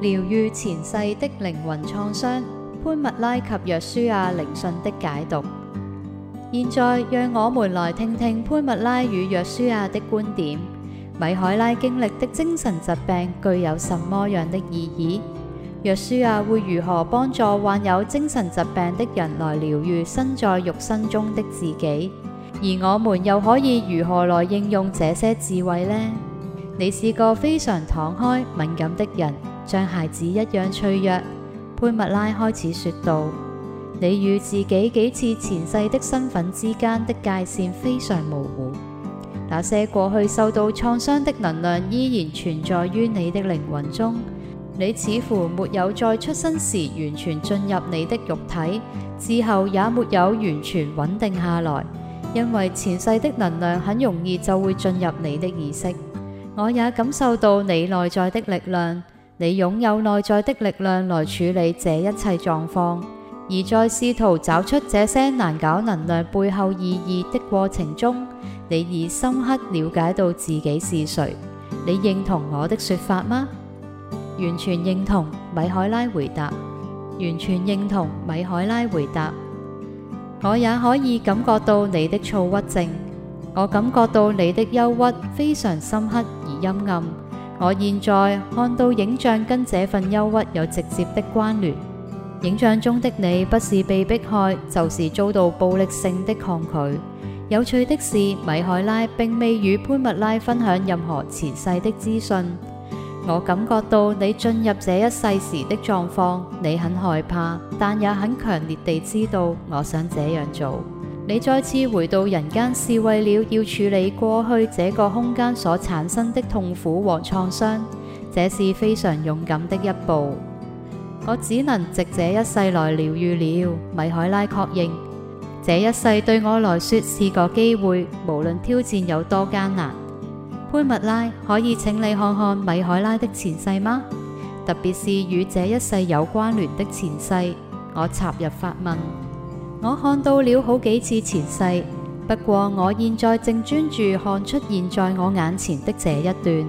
療癒前世的靈魂創傷，潘蜜拉及約書亞靈訊的解讀。現在讓我們來聽聽潘蜜拉與約書亞的觀點。米海拉經歷的精神疾病具有什麼樣的意義？約書亞會如何幫助患有精神疾病的人來療癒身在肉身中的自己？而我們又可以如何來應用這些智慧呢？你是個非常敞開、敏感的人。像孩子一樣脆弱，潘蜜拉開始說道：你與自己幾次前世的身份之間的界線非常模糊。那些過去受到創傷的能量依然存在於你的靈魂中。你似乎沒有在出生時完全進入你的肉體，之後也沒有完全穩定下來，因為前世的能量很容易就會進入你的意識。我也感受到你內在的力量。你擁有內在的力量來處理這一切狀況，而在試圖找出這些難搞能量背後意義的過程中，你已深刻了解到自己是誰。你認同我的說法嗎？完全認同，米海拉回答。完全認同，米海拉回答。我也可以感覺到你的躁鬱症，我感覺到你的憂鬱非常深刻而陰暗。我現在看到影像，跟這份憂鬱有直接的關聯。影像中的你，不是被迫害，就是遭到暴力性的抗拒。有趣的是，米海拉並未與潘蜜拉分享任何前世的資訊。我感覺到你進入這一世時的狀況，你很害怕，但也很強烈地知道，我想這樣做。你再次回到人間是為了要處理過去這個空間所產生的痛苦和創傷，這是非常勇敢的一步。我只能藉這一世來療癒了。米海拉確認，這一世對我來說是個機會，無論挑戰有多艱難。潘蜜拉，可以請你看看米海拉的前世嗎？特別是與這一世有關聯的前世。我插入發問。我看到了好幾次前世，不過我現在正專注看出現在我眼前的這一段。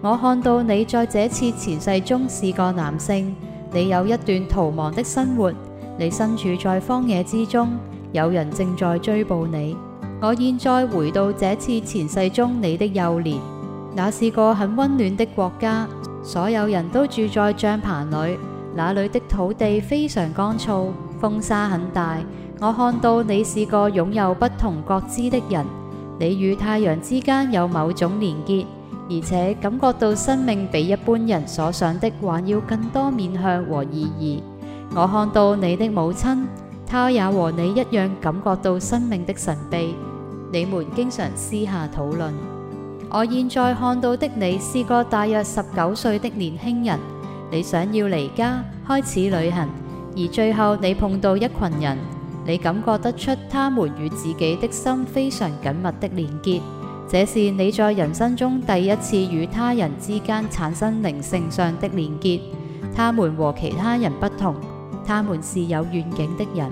我看到你在這次前世中是個男性，你有一段逃亡的生活，你身處在荒野之中，有人正在追捕你。我現在回到這次前世中你的幼年，那是個很溫暖的國家，所有人都住在帳篷裏，那裏的土地非常乾燥，風沙很大。我看到你是個擁有不同覺知的人，你與太陽之間有某種連結，而且感覺到生命比一般人所想的還要更多面向和意義。我看到你的母親，她也和你一樣感覺到生命的神秘。你們經常私下討論。我現在看到的你是個大約十九歲的年輕人，你想要離家開始旅行，而最後你碰到一群人。你感覺得出他們與自己的心非常緊密的連結。這是你在人生中第一次與他人之間產生靈性上的連結。他們和其他人不同，他們是有願景的人。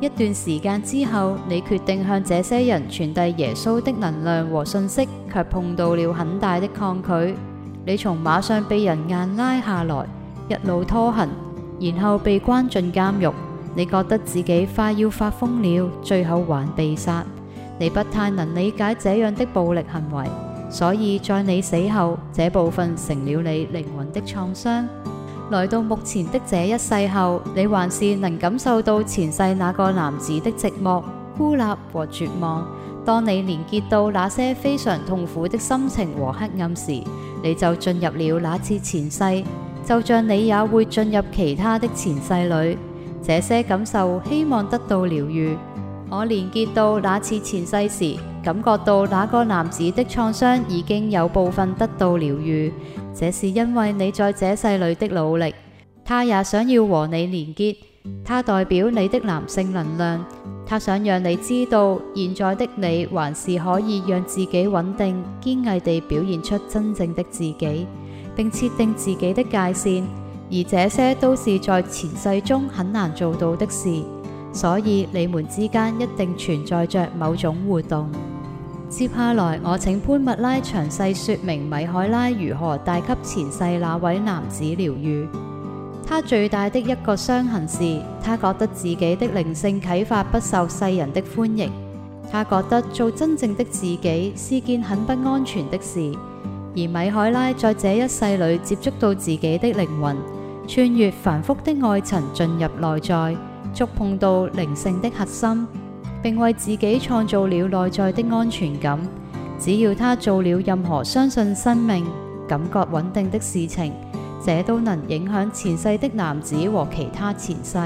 一段時間之後，你決定向這些人傳遞耶穌的能量和信息，卻碰到了很大的抗拒。你從馬上被人硬拉下來，一路拖行，然後被關進監獄。你覺得自己快要發瘋了，最後還被殺。你不太能理解這樣的暴力行為，所以在你死後，這部分成了你靈魂的創傷。來到目前的這一世後，你還是能感受到前世那個男子的寂寞、孤立和絕望。當你連結到那些非常痛苦的心情和黑暗時，你就進入了那次前世，就像你也會進入其他的前世裏。這些感受希望得到療癒。我連結到那次前世時，感覺到那個男子的創傷已經有部分得到療癒。這是因為你在這世裏的努力。他也想要和你連結，他代表你的男性能量。他想讓你知道，現在的你還是可以讓自己穩定、堅毅地表現出真正的自己，並設定自己的界線。而這些都是在前世中很難做到的事，所以你們之間一定存在着某種互動。接下來我請潘蜜拉詳細說明米海拉如何帶給前世那位男子療癒。他最大的一個傷痕是，他覺得自己的靈性啟發不受世人的歡迎。他覺得做真正的自己是件很不安全的事，而米海拉在這一世裏接觸到自己的靈魂。穿越繁複的愛層，進入內在，觸碰到靈性的核心，並為自己創造了內在的安全感。只要他做了任何相信生命、感覺穩定的事情，這都能影響前世的男子和其他前世。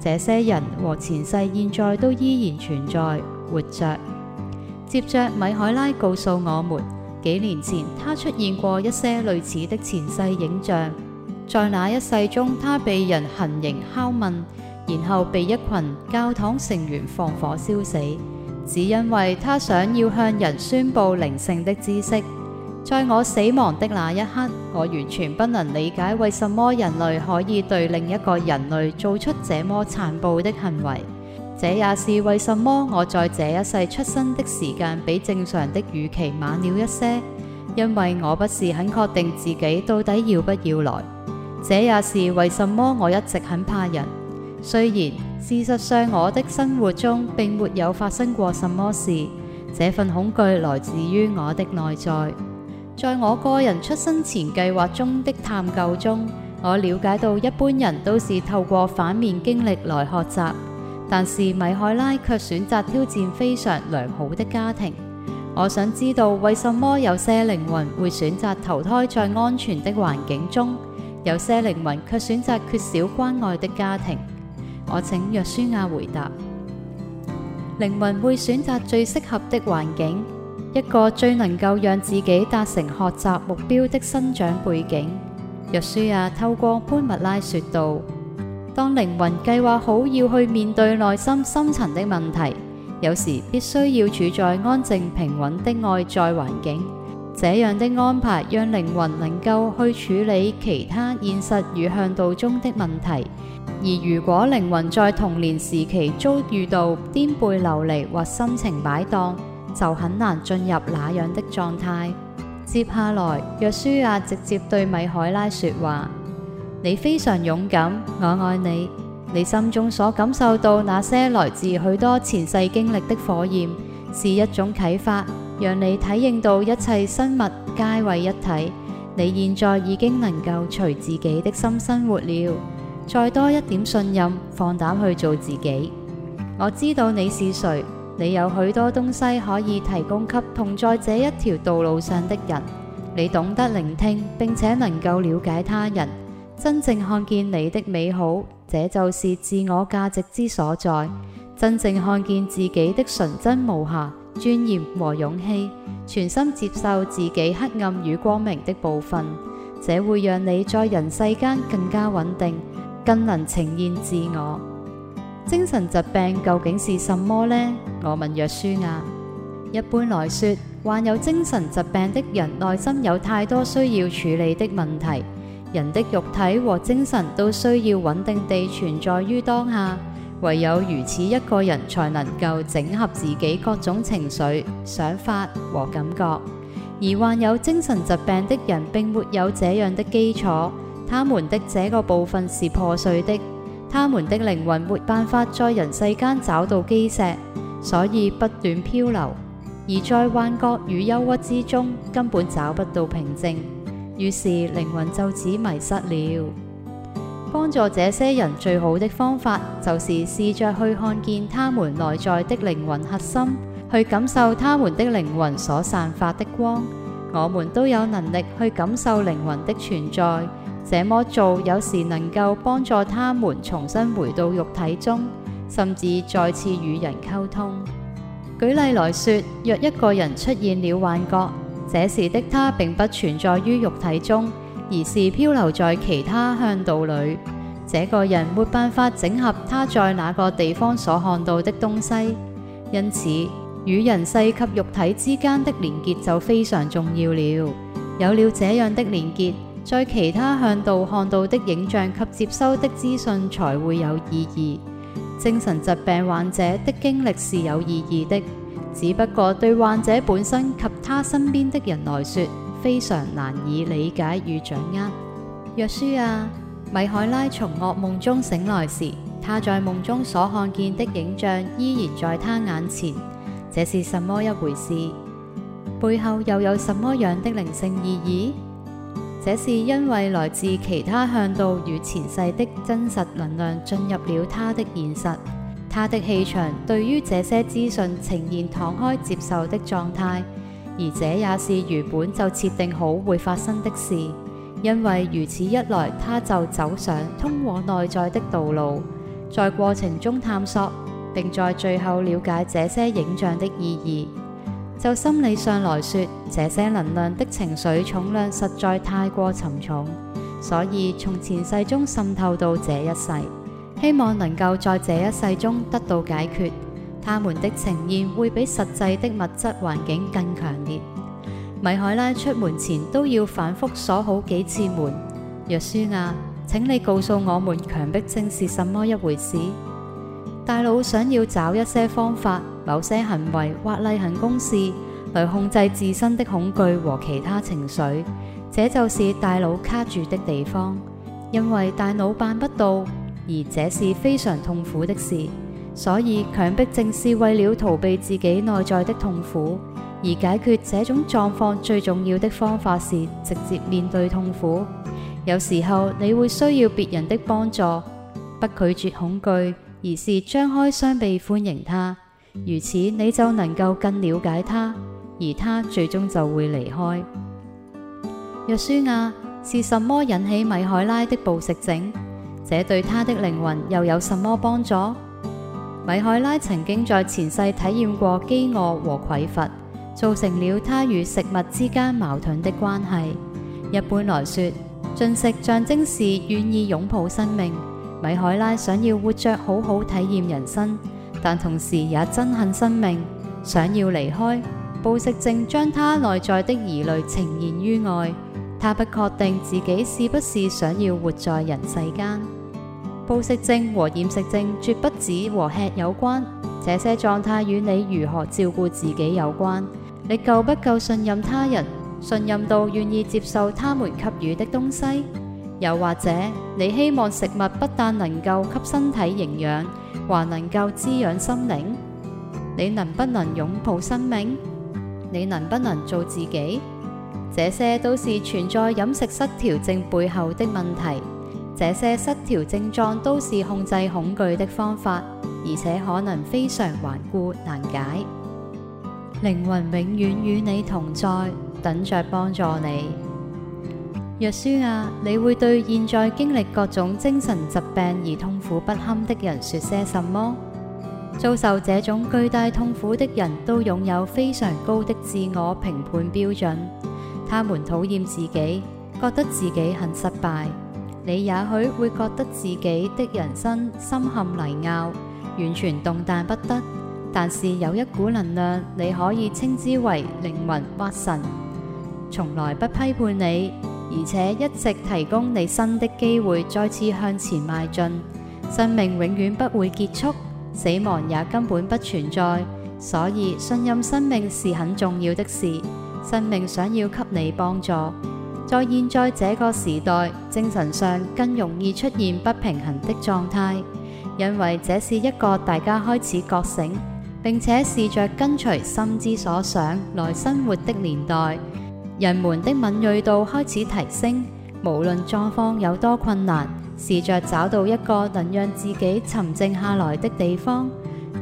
這些人和前世現在都依然存在，活着。接着，米海拉告訴我們，幾年前他出現過一些類似的前世影像。在那一世中，他被人行刑拷問，然後被一群教堂成員放火燒死，只因為他想要向人宣布靈性的知識。在我死亡的那一刻，我完全不能理解為什麼人類可以對另一個人類做出這麼殘暴的行為。這也是為什麼我在這一世出生的時間比正常的預期晚了一些，因為我不是很確定自己到底要不要來。這也是為什麼我一直很怕人。雖然事實上我的生活中並沒有發生過什麼事，這份恐懼來自於我的內在。在我個人出生前計劃中的探究中，我了解到一般人都是透過反面經歷來學習，但是米海拉卻選擇挑戰非常良好的家庭。我想知道為什麼有些靈魂會選擇投胎在安全的環境中？有些靈魂卻選擇缺少關愛的家庭。我請約書亞回答：靈魂會選擇最適合的環境，一個最能夠讓自己達成學習目標的生長背景。約書亞透過潘蜜拉說道：當靈魂計劃好要去面對內心深層的問題，有時必須要處在安靜平穩的外在環境。這樣的安排，讓靈魂能夠去處理其他現實與向導中的問題，而如果靈魂在童年時期遭遇到顛沛流離或心情擺盪，就很難進入那樣的狀態。接下來，約書亞直接對米海拉說話，你非常勇敢，我愛你。你心中所感受到那些來自許多前世經歷的火焰，是一種啟發。讓你體驗到一切生物皆為一體。你現在已經能夠隨自己的心生活了。再多一點信任，放膽去做自己。我知道你是誰，你有許多東西可以提供給同在這一條道路上的人。你懂得聆聽，並且能夠了解他人，真正看見你的美好，這就是自我價值之所在。真正看見自己的純真無瑕。尊嚴和勇氣，全心接受自己黑暗與光明的部分，這會讓你在人世間更加穩定，更能呈現自我。精神疾病究竟是什麼呢？我問約書亞。一般來說，患有精神疾病的人內心有太多需要處理的問題。人的肉體和精神都需要穩定地存在於當下。唯有如此一個人，才能夠整合自己各種情緒想法和感覺，而患有精神疾病的人並沒有這樣的基礎，他們的這個部分是破碎的，他們的靈魂沒辦法在人世間找到基石，所以不斷漂流，而在幻覺與憂鬱之中根本找不到平靜，於是靈魂就此迷失了。幫助這些人最好的方法，就是試着去看見他們內在的靈魂核心，去感受他們的靈魂所散發的光。我們都有能力去感受靈魂的存在。這麼做有時能夠幫助他們重新回到肉體中，甚至再次與人溝通。舉例來說，若一個人出現了幻覺，這時的他並不存在於肉體中。而是漂流在其他向道裏，這個人沒辦法整合他在那個地方所看到的東西，因此與人世及肉體之間的連結就非常重要了。有了這樣的連結，在其他向道看到的影像及接收的資訊才會有意義。精神疾病患者的經歷是有意義的，只不過對患者本身及他身邊的人來說，非常難以理解與掌握。約書亞，米海拉從噩夢中醒來時，他在夢中所看見的影像依然在他眼前。這是什麼一回事？背後又有什麼樣的靈性意義？這是因為來自其他向度與前世的真實能量進入了他的現實，他的氣場對於這些資訊呈現敞開接受的狀態。而這也是原本就設定好會發生的事，因為如此一來，他就走上通往內在的道路，在過程中探索，並在最後了解這些影像的意義。就心理上來說，這些能量的情緒重量實在太過沉重，所以從前世中滲透到這一世，希望能夠在這一世中得到解決。他們的呈現會比實際的物質環境更強烈。米海拉出門前都要反覆鎖好幾次門。約書亞、啊，請你告訴我們強迫症是什麼一回事？大腦想要找一些方法、某些行為或例行公事來控制自身的恐懼和其他情緒，這就是大腦卡住的地方，因為大腦辦不到，而這是非常痛苦的事。所以強迫症是為了逃避自己內在的痛苦，而解決這種狀況最重要的方法是直接面對痛苦。有時候你會需要別人的幫助，不拒絕恐懼，而是張開雙臂歡迎他。如此你就能夠更了解他，而他最終就會離開若、啊。約書亞，是什麼引起米海拉的暴食症？這對她的靈魂又有什麼幫助？米海拉曾經在前世體驗過飢餓和匱乏，造成了她與食物之間矛盾的關係。一般來說，進食象徵是願意擁抱生命。米海拉想要活着好好體驗人生，但同時也憎恨生命，想要離開。暴食症將她內在的疑慮呈現於外，她不確定自己是不是想要活在人世間。暴食症和厭食症絕不止和吃有關，這些狀態與你如何照顧自己有關。你夠不夠信任他人？信任到願意接受他們給予的東西？又或者你希望食物不但能夠給身體營養，還能夠滋養心靈？你能不能擁抱生命？你能不能做自己？這些都是存在飲食失調症背後的問題。這些失調症狀都是控制恐懼的方法，而且可能非常頑固難解。靈魂永遠與你同在，等着幫助你。約書亞、啊，你會對現在經歷各種精神疾病而痛苦不堪的人說些什麼？遭受這種巨大痛苦的人都擁有非常高的自我評判標準，他們討厭自己，覺得自己很失敗。你也許會覺得自己的人生深陷泥坳，完全動彈不得。但是有一股能量，你可以稱之為靈魂或神，從來不批判你，而且一直提供你新的機會，再次向前邁進。生命永遠不會結束，死亡也根本不存在。所以信任生命是很重要的事。生命想要給你幫助。在現在這個時代，精神上更容易出現不平衡的狀態，因為這是一個大家開始覺醒並且試着跟隨心之所想來生活的年代。人們的敏銳度開始提升，無論狀況有多困難，試着找到一個能讓自己沉靜下來的地方。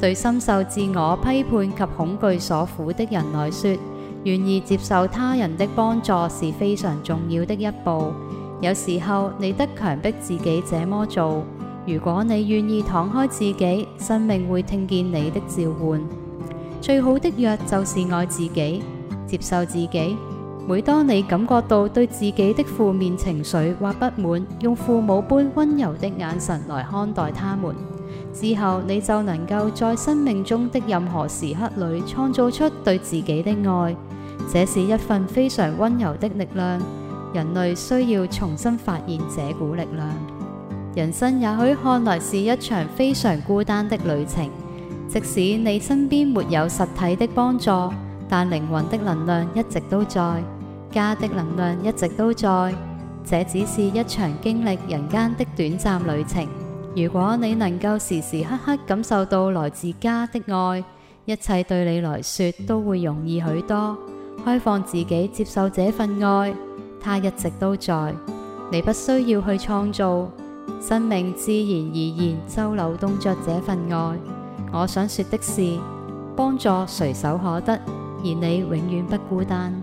對深受自我批判及恐懼所苦的人來說，願意接受他人的幫助是非常重要的一步。有時候你得強迫自己這麼做。如果你願意敞開自己，生命會聽見你的召喚。最好的藥就是愛自己，接受自己。每當你感覺到對自己的負面情緒或不滿，用父母般溫柔的眼神來看待他們，之後你就能夠在生命中的任何時刻裏創造出對自己的愛。這是一份非常溫柔的力量，人類需要重新發現這股力量。人生也許看來是一場非常孤單的旅程，即使你身邊沒有實體的幫助，但靈魂的能量一直都在，家的能量一直都在。這只是一場經歷人間的短暫旅程。如果你能夠時時刻刻感受到來自家的愛，一切對你來說都會容易許多。開放自己接受這份愛，他一直都在，你不需要去創造，生命自然而然周流動着這份愛。我想說的是，幫助隨手可得，而你永遠不孤單。